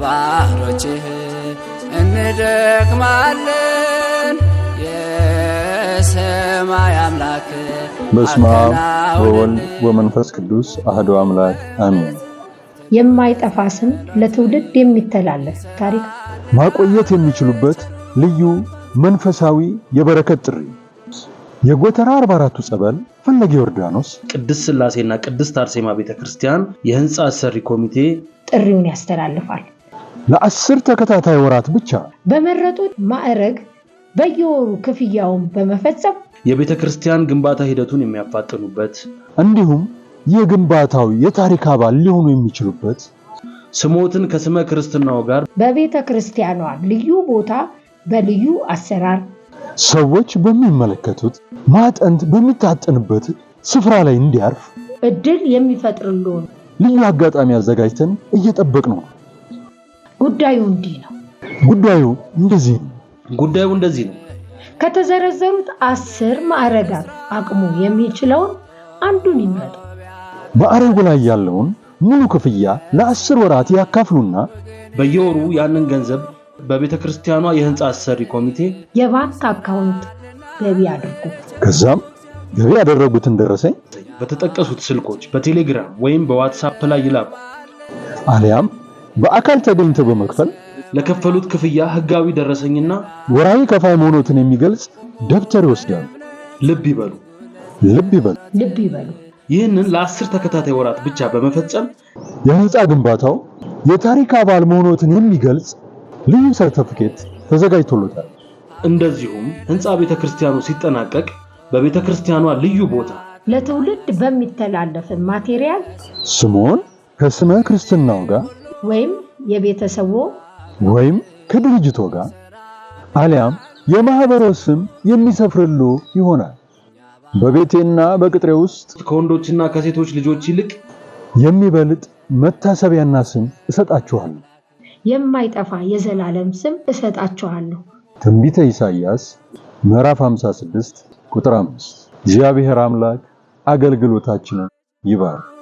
ባሮችህ እንደክማለን የሰማይ አምላክ። በስመ አብ ወወልድ ወመንፈስ ቅዱስ አህዶ አምላክ አሜን። የማይጠፋ ስም ለትውልድ የሚተላለፍ ታሪክ ማቆየት የሚችሉበት ልዩ መንፈሳዊ የበረከት ጥሪ የጎተራ 44ቱ ጸበል ፈለገ ዮርዳኖስ ቅድስት ስላሴና ቅድስት አርሴማ ቤተ ክርስቲያን የህንፃ አሰሪ ኮሚቴ ጥሪውን ያስተላልፋል። ለአስር ተከታታይ ወራት ብቻ በመረጡት ማዕረግ በየወሩ ክፍያውን በመፈጸም የቤተ ክርስቲያን ግንባታ ሂደቱን የሚያፋጥኑበት እንዲሁም የግንባታው የታሪክ አባል ሊሆኑ የሚችሉበት ስሞትን ከስመ ክርስትናው ጋር በቤተ ክርስቲያኗ ልዩ ቦታ በልዩ አሰራር ሰዎች በሚመለከቱት ማጠንት በሚታጠንበት ስፍራ ላይ እንዲያርፍ እድል የሚፈጥርልን ልዩ አጋጣሚ አዘጋጅተን እየጠበቅ ነው። ጉዳዩ እንዲህ ነው። ጉዳዩ እንደዚህ ነው። ጉዳዩ እንደዚህ ነው። ከተዘረዘሩት አስር ማዕረጋት አቅሙ የሚችለውን አንዱን ይመጡ። በአረጉ ላይ ያለውን ሙሉ ክፍያ ለአስር ወራት ያካፍሉና በየወሩ ያንን ገንዘብ በቤተ ክርስቲያኗ የህንፃ አሰሪ ኮሚቴ የባንክ አካውንት ገቢ አድርጉ። ከዛም ገቢ ያደረጉትን ደረሰኝ በተጠቀሱት ስልኮች በቴሌግራም ወይም በዋትሳፕ ላይ ይላኩ አሊያም በአካል ተገኝተው በመክፈል ለከፈሉት ክፍያ ህጋዊ ደረሰኝና ወራዊ ከፋይ መሆኖትን የሚገልጽ ደብተር ይወስዳሉ። ልብ ይበሉ ልብ ይበሉ ልብ ይበሉ። ይህንን ለአስር ተከታታይ ወራት ብቻ በመፈጸም የህንፃ ግንባታው የታሪክ አባል መሆኖትን የሚገልጽ ልዩ ሰርተፍኬት ተዘጋጅቶሎታል። እንደዚሁም ህንፃ ቤተ ክርስቲያኑ ሲጠናቀቅ በቤተ ክርስቲያኗ ልዩ ቦታ ለትውልድ በሚተላለፍ ማቴሪያል ስሙን ከስመ ክርስትናው ጋር ወይም የቤተሰቦ ወይም ከድርጅቶ ጋር አሊያም የማህበሮ ስም የሚሰፍርሉ ይሆናል። በቤቴና በቅጥሬ ውስጥ ከወንዶችና ከሴቶች ልጆች ይልቅ የሚበልጥ መታሰቢያና ስም እሰጣችኋለሁ፣ የማይጠፋ የዘላለም ስም እሰጣችኋለሁ። ትንቢተ ኢሳይያስ ምዕራፍ 56 ቁጥር 5። እግዚአብሔር አምላክ አገልግሎታችንን ይባርክ።